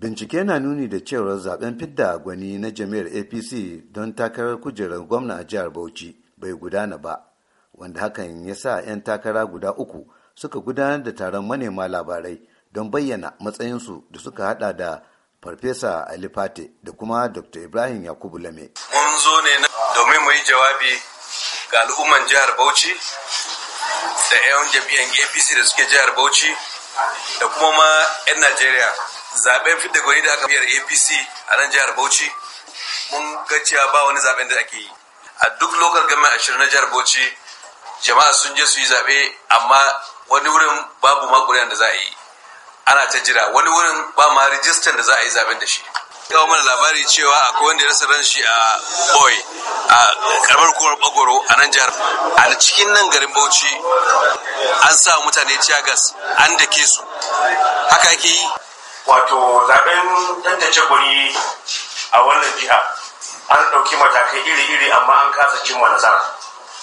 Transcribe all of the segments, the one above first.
Bincike na nuni da cewar zaben fidda gwani na jami'ar APC don takarar kujerar gwamna a jihar Bauchi bai gudana ba, wanda hakan ya sa 'yan takara guda uku suka gudanar da taron manema labarai don bayyana matsayinsu da suka hada da Farfesa Ali Fate da kuma Dr. Ibrahim Yakubu Lame. Mun zo ne domin mu yi jawabi ga al'umman jihar Bauchi da 'yan jami'an APC da suke jihar Bauchi da kuma ma 'yan Najeriya. zaben fidda gwani da aka biyar apc a nan jihar bauchi mun ga cewa ba wani zaben da ake yi a duk lokal gama ashirin na jihar bauchi jama'a sun je su yi zaɓe amma wani wurin babu ma da za a yi ana ta jira wani wurin ba ma rijistar da za a yi zaben da shi kawo mana labari cewa akwai wanda ya rasa ran shi a boy a karamar kuwar bagoro a nan jihar a cikin nan garin bauchi an sa mutane ciyagas an da ke su haka ake yi wato zaben tantance guri a wannan jiha an ɗauki matakai iri-iri amma an kasa cimma nasara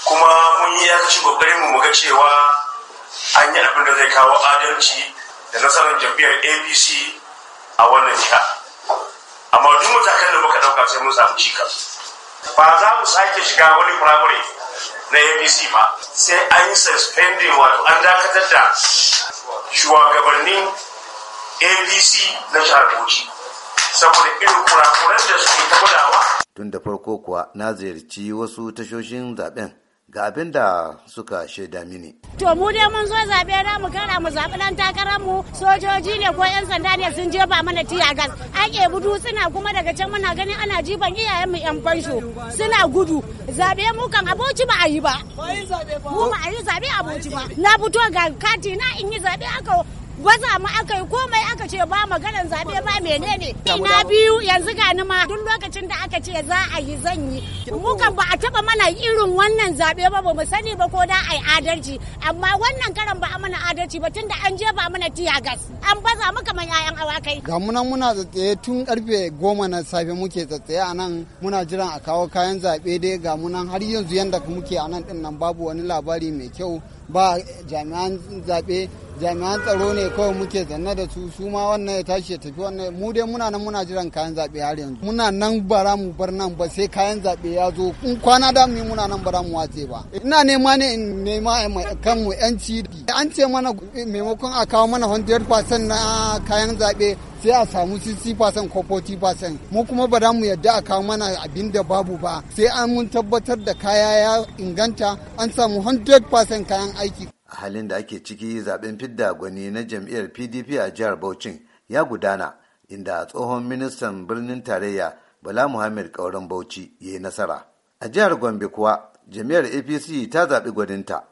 kuma mun yi ci ƙoƙarin mu ga cewa an yi abin da zai kawo adalci da nasarar jam'iyyar apc a wannan jiha amma duk matakan da muka ɗauka sai mun samu cikas ba za mu sake shiga wani firamare na apc ba sai an yi suspending wato an dakatar da shugabannin abc na jihar saboda irin kurakuran da suke ta gudawa tun da farko kuwa na ziyarci wasu tashoshin zaben ga abin da suka shaida mini. To mu dai mun zo zabe na mu kara mu zaɓi ɗan takarar mu sojoji ne ko 'yan sanda ne sun jefa mana tiya gas. Ake budu suna kuma daga can muna ganin ana jiban iyayen mu 'yan fansho suna gudu. Zaɓe mu kan aboci ba a yi ba. Mu ba a yi zaɓe aboci ba. Na fito ga kati na in yi zaɓe aka gwaza mu aka yi komai aka ce ba maganan zaɓe ba menene na biyu yanzu ga ni ma duk lokacin da aka ce za a yi zan yi kan ba a taba mana irin wannan zaɓe ba ba mu sani ba ko da ai adalci amma wannan karan ba a mana adalci ba tunda an je ba mana tiya gas an baza mu kaman yayan awakai ga muna muna tsatsaye tun karfe goma na safe muke tsaye a nan muna jiran a kawo kayan zaɓe dai ga munan har yanzu yanda muke a nan din nan babu wani labari mai kyau ba jami'an zaɓe jami'an tsaro ne kawai muke zanne da su su ma wannan ya tashi ya tafi wannan mu dai muna nan muna jiran kayan zaɓe har yanzu muna nan bara mu bar nan ba sai kayan zaɓe ya zo in kwana da mu muna nan bara mu wace ba ina nema ne in nema kan mu yanci an ce mana maimakon a kawo mana percent na kayan zaɓe sai a samu 60% ko 40% mu kuma ba mu yadda a kawo mana abin da babu ba sai an mun tabbatar da kaya ya inganta an samu 100% kayan aiki a halin da ake ciki zaben fidda gwani na jam'iyyar pdp a jihar Bauchi ya gudana inda tsohon ministan birnin tarayya bala muhammad kauran bauchi ya yi nasara a jihar gombe kuwa jam'iyyar apc ta zaɓi gwaninta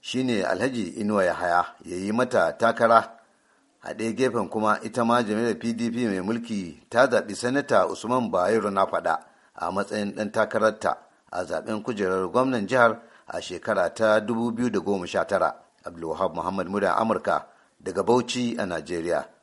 shine alhaji inuwa yahaya ya yi mata takara a ɗaya gefen kuma ita ma jam'iyyar pdp mai mulki ta zaɓi sanata usman bayero na faɗa a matsayin ɗan takararta a zaɓen kujerar gwamnan jihar a shekara ta 2019 abdulwahab muhammad muda amurka daga bauchi a najeriya